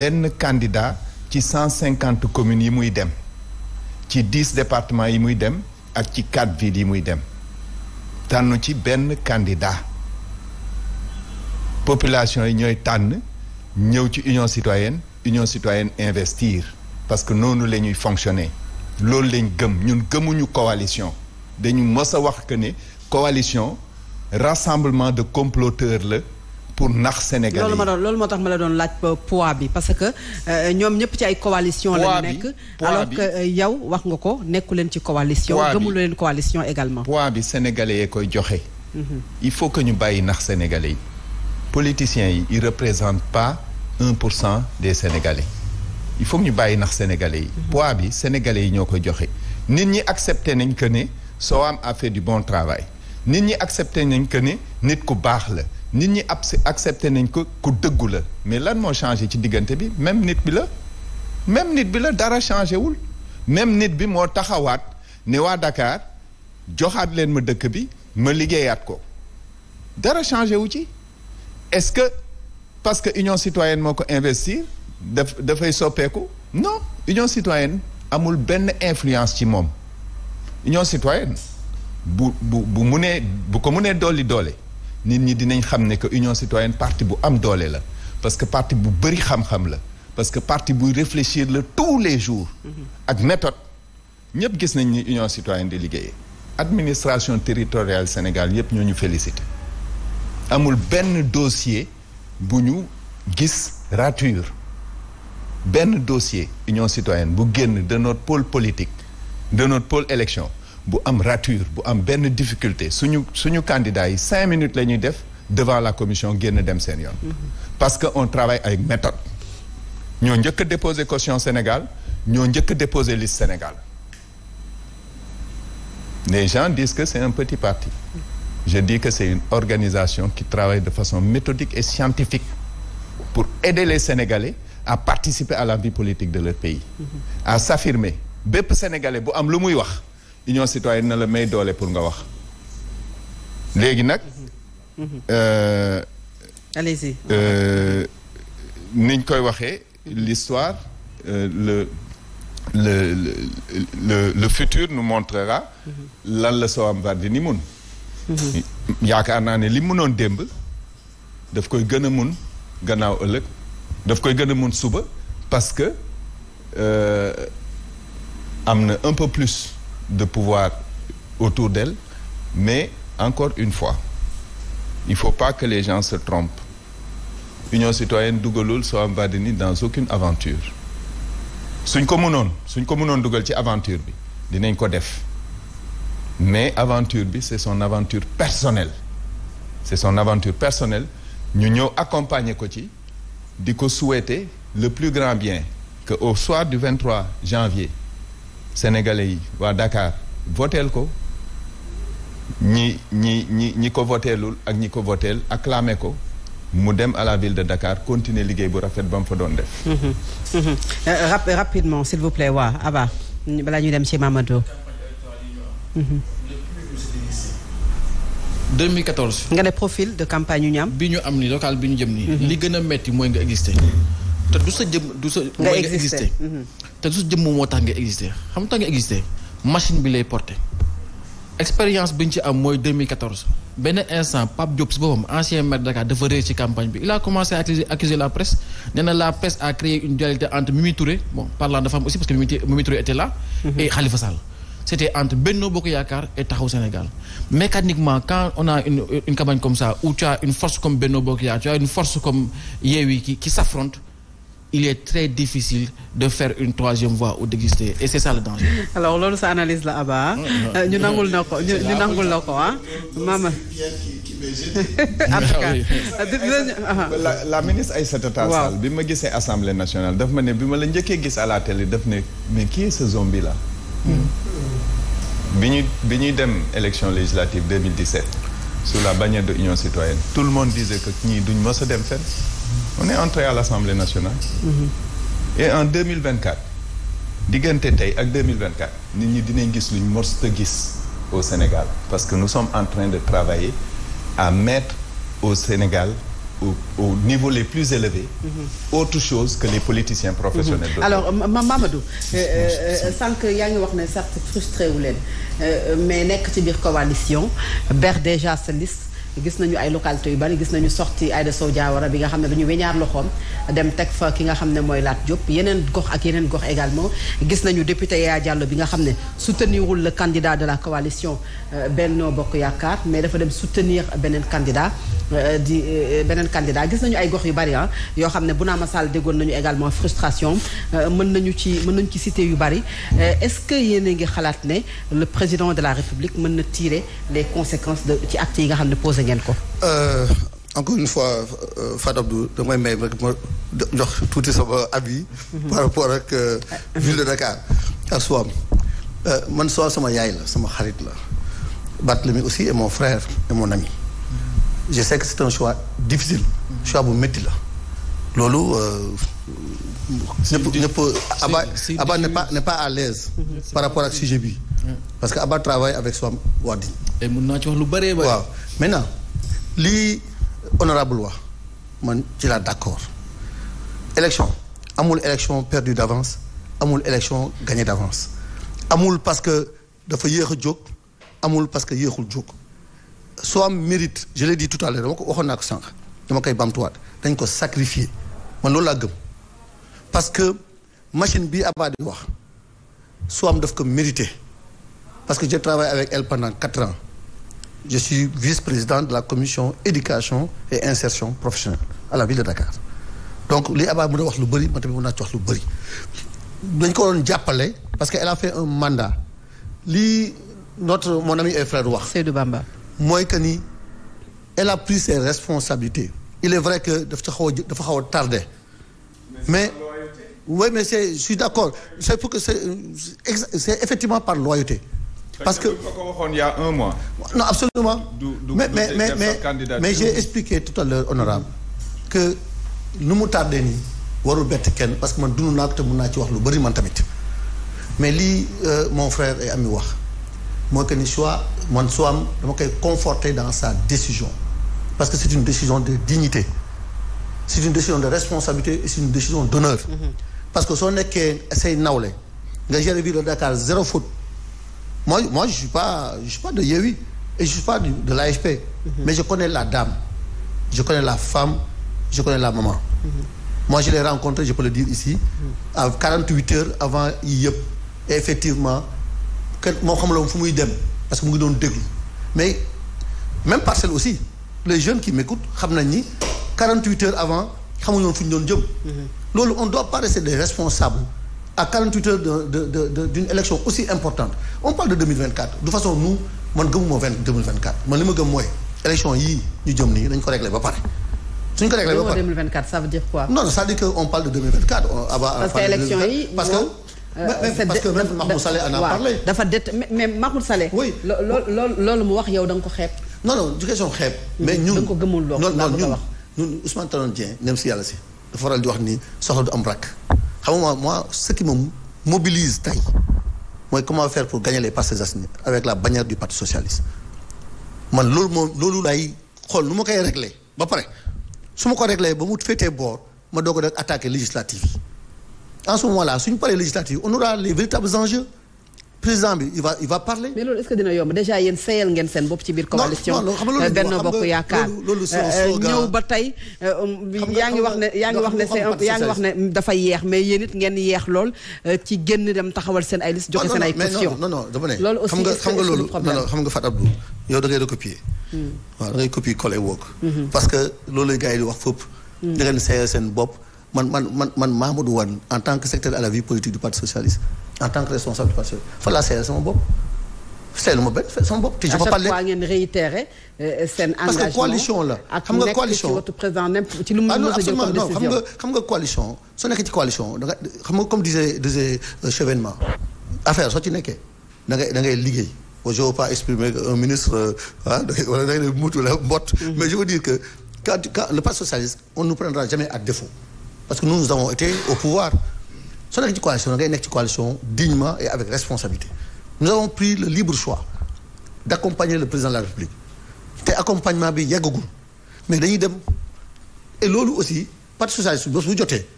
benn candidat ci cent cinquante communes yi muy dem ci dix départements yi muy dem ak ci quatre villes yi muy dem tànn ci benn candidat population yi ñooy tànn ñëw ci union citoyenne union citoyenne investir parce que noonu la ñuy fonctionner loolu lañ gëm ñun gëmuñu coalition dañu mës a wax que ni coalition rassemblement de comploteurs la pour nax Sénégalais loolu ma doon loolu moo tax ma la doon laaj euh, poids bi parce que euh, ñoom ñëpp ci ay coalition la nekk alors que euh, yow wax nga ko nekku leen ci coalition gëmul leen coalition également poids bi Sénégalais yee koy joxe mhm. il faut que ñu bàyyi nax Sénégalais yi politiciens yi ils représentent pas un pour cent des Sénégalais il faut que ñu bàyyi nax Sénégalais yi mhm. poids bi Sénégalais yi ñoo koy joxe nit ñi accepté nañ que ne Soham a fait du bon travail nit ñi accepté nañ que ne nit ku baax la nit ñi ab accepté nañ ko ku dëggu la mais lan moo changé ci diggante bi même nit bi la même nit bi la dara changé wul même nit bi moo taxawaat ne waa Dakar joxaat leen ma dëkk bi ma liggéeyaat ko dara changé wu ci est-ce que parce que union citoyenne moo ko investir daf dafay soppeeku non union citoyenne amul benn influence ci moom union citoyenne bu bu bu munee bu ko munee dolli doole nit ñi dinañ xam ne que union citoyenne parti bu am doole la parce que parti bu bëri xam-xam la parce que parti buy réfléchir la tous les jours mm-hmm. ak méthode ñëpp gis nañ ni union citoyenne di liggéeyee administration territoriale Sénégal yëpp ñoo ñu félicité amul benn dossier bu ñu gis rature benn dossier union citoyenne bu génn de notre pôle politique de notre pôle élection bu am rature bu am benn difficulté suñu suñu candidats yi cinq minutes la ñuy def devant la commission génn dem seen yoon. parce que on travaille avec méthode. ñoo njëkk a déposé caution Sénégal ñoo njëkk a déposé liste Sénégal les gens disent que c'est un petit parti. je dis que c'est une organisation qui travaille de façon méthodique et scientifique pour aider les Sénégalais à participer à la vie politique de leur pays. à s'affirmer bépp Sénégalais bu am lu muy wax. union citoyenne na la may doole pour nga wax léegi nag euh, allez-y euh, niñ koy waxee l'histoire euh, le le future le futur nous montrera lan la Soham ni mun yaakaar naa ne li munoon démb daf koy gën a mun gannaaw ëllëg daf koy gën a mun suba parce que euh, am na un peu plus de pouvoir autour d'elle mais encore une fois il faut pas que les gens se trompent Union Citoyenne dugalul Soham Wardini dans aucune aventure suñ ko mënoon suñ ko mënoon dugal ci aventure bi dinañ ko def mais aventure bi c'est son aventure personnelle c'est son aventure personnelle ñu ñëw accompagner ko ci di ko souhaiter le plus grand bien que au soir du 23 janvier sénégalais yi waa Dakar voteel ko ñi ñi ñi ñi ko voteelul ak ñi ko ak acclamé ko mu dem à la ville de dakaar continuer liggéey bu rafet ba mu fa doon def. Mm-hmm. Mm-hmm. Euh, rapidement s'il vous plaît waa Abba balaa ñu dem ci Mamadou. Mm-hmm. nga ne profil de campagne yu ñu bi ñu am ni local bi ñu jëm ni li gën a metti mooy nga exister. te du sa jëm du sa. mooy nga exister. te su jëmm moo tax nga exister xam nga tax nga exister machine bi lay porter expérience bi ci am mooy 2014 benn instant Pape Diop si boppam ancien maire de Dakar dafa réer ci campagne bi il a accuser la presse nee na la presse a créé une dualité entre Mimi Touré bon parlant de femme aussi parce que Mimi Touré était là. Mhm. et Khalifa Sall. entre Benno Bokk Yaakaar et Taxawu Sénégal mécaniquement quand on a une une campagne comme ça où tu as une force comme il est très difficile de faire une troisième voie ou d'exister et c'est ça le danger. alors loolu sa analyse la Abba euh, ñu nangul na ko ñu nangul la ko ah. maama en tout ah euh, la la ministre Aïssata Tall Sall bi ma gisee assemblée nationale daf ma ne bi ma la njëkkee gis à la télé daf ne mais qui est ce zombie là. Hmm. bi ñuy bi ñuy dem élection législative 2017. sous la bannière de Union citoyenne tout le monde disait que ñii duñ mës a dem fenn on est entré à l'Assemblée nationale mm-hmm. et en 2024 diggante tey ak 2024 nit ñi dinañ gis luñ mës a gis au Sénégal parce que nous sommes en train de travailler à mettre au Sénégal au, au niveau les plus élevés mm -hmm. autre chose que les politiciens professionnels mm -hmm. alors Mamadou euh, euh, euh, sànq yaa ngi wax ne certes frustré wu leen mais nekk ci biir coalition ber déjà sa liste gis nañu ay localité yu bari gis nañu sorti Aïda Sow Diawara bi nga xam ne dañu weñaar loxoom dem teg fa ki nga xam ne mooy Lat Diop yeneen gox ak yeneen gox également gis nañu député Yaya Diallo bi nga xam ne soutenirul le candidat de la coalition euh, Benno Bokk Yaakaar mais dafa dem soutenir beneen candidat euh, di euh, beneen candidat gis nañu ay gox yu bari ah yoo xam ne bu naa masal déggoon nañu également frustration mën nañu ci mën nañu ci cité yu bari est-ce que yéen ngi xalaat ne le président de la République mën na tirer les conséquences de ci actes yi nga xam ne proposé ngeen ko. Euh, encore une fois euh, Fatou Abdou damay may rek ma jox tuuti sama avis. Mhm. par rapport ak euh, ville de Dakar ak Soham man Soham sama yaay la sama xarit la Barthélemy aussi est mon frère et mon ami je sais que c'est un choix difficile choix bu métti la loolu ñëpp ñëpp Abba Abba n'est pas n'est pas à l'aise mhm. par rapport ak sujet bi parce que Abba travaille avec Soham Wardini. et mun naa ci wax lu bëree bëri. waaw maintenant lii honorable wax man ci laa d'accord élection amul élection perdue d'avance amul élection gagnée d'avance amul parce que dafa yéex a jóg amul parce que yéexul jóg am mérite je l'ai tout à l'heure dama ko waxoon naa ko sànq dama koy bamtuwaat dañ ko sacrifier man loolu laa gëm parce que machine bi Abba di wax Soham daf ko mérité. parce que je travaille avec elle pendant quatre ans je suis vice-président de la commission éducation et insertion professionnelle à la ville de Dakar donc li Abba mën a wax lu bëri man tamit mën naa wax lu bëri dañ ko doon jàppale parce que elle a fait un mandat lii notre mon ami et wax Seydou mooy que ni elle a pris ses responsabilités il est vrai que dafa xaw a dafa xaw a tardé mais oui mais c'est je suis d'accord c'est pour que c'est c'est effectivement par loyauté parce que ko waxoon il y a un mois. non absolument mais mais mais mais mais j'ai expliqué tout à honorable que nu mu tardé nii warul bett kenn parce que man dund naa ko te mun naa ci wax lu bari man tamit mais lii euh, mon frère et ami wax mooy que ni choix man soo am dama koy conforter dans sa décision parce que c'est une décision de dignité c'est une décision de responsabilité et c'est une décision d'honneur mm-hmm. parce que soo nekkee say nawle nga gérer ville Dakar zéro faute moi moi je suis pas je pas de Yewwi et je suis pas de, de l'AFP mhm. mais je connais la dame je connais la femme je connais la maman mm -hmm. moi je l'ai rencontrée je peux le dire ici mhm. à 48 heures avant yii yëpp et effectivement kenn moo xam la fu muy dem parce que mu ngi doon déglu mais même parcelle aussi les jeunes qui m'écoutent xam nañ ni 48 heures avant xamuñu woon fu ñu doon jëm mhm. loolu on doit pas rester des responsables ak 48 heures de de de de d'une façon nous man gëmuma man li ma gëm mooy élection yii ñu jëm nii dañ ko régler ba pare. suñ ko réglé ba pare 2024 ça quoi. non ça dire que on parle de 2024. on va ah parce que élection yi euh, parce que. parce que même Mahmoud Saleh en a parlé. dafa dé mais Mahmoud Saleh. oui loolu loolu mu wax yow da nga ko xeeb. non non du question xeeb. mais mm-hmm. ñun da ko gëmul lool. non non ñun ñun Ousmane Tanor Dieng nem si yàlla si. dafa wax ni soxla du am xam nga moi ce qui me mobilise tey mooy comment faire pour gagner les Parcelles Assainies avec la bannière du parti socialiste man loolu moo loolu lay xool nu ma koy réglé ba pare su ma ko réglé ba mu féetee boor ma doog a attaquer législative yi en ce moment là suñu paree législative on aura les véritables enjeux président bi il va il va parler. mais loolu est-ce que dina yomb déjà yéen seeyal ngeen seen bopp ci biir. coalition euh, Benno Bokk Yaakaar euh, euh, ñëw ba tey. Um, yaa recopier. Hmm. waaw da ngay copier coller hmm. parce que loolu la gars yi di wax fépp. Hmm. da seeyal seen bopp man man man man en tant que secrétaire à la vie politique du parti socialiste. en tant que responsable du parti fa laa seere sama bopp seelu ma benn sama bopp. te je peux parler euh, parce que coalition la ah xam nga coalition ak nekk ci président même comme xam nga xam nga coalition xam nga comme disait disait euh, Chevènement affaire soo ci nekkee da ngay da ngay liggéey. je veux pas exprimer un ministre ah wala da ngay mutu mhm. mais je veux dire que le parti socialiste on nous prendra jamais à défaut parce que nous avons été au pouvoir. soo nekk ci coalition ngay nekk ci coalition dignement et avec responsabilité nous avons pris le libre choix d'accompagner le président de la République te accompagnement bi yeggagul mais dañuy dem et loolu aussi parti socialiste bés bu jotee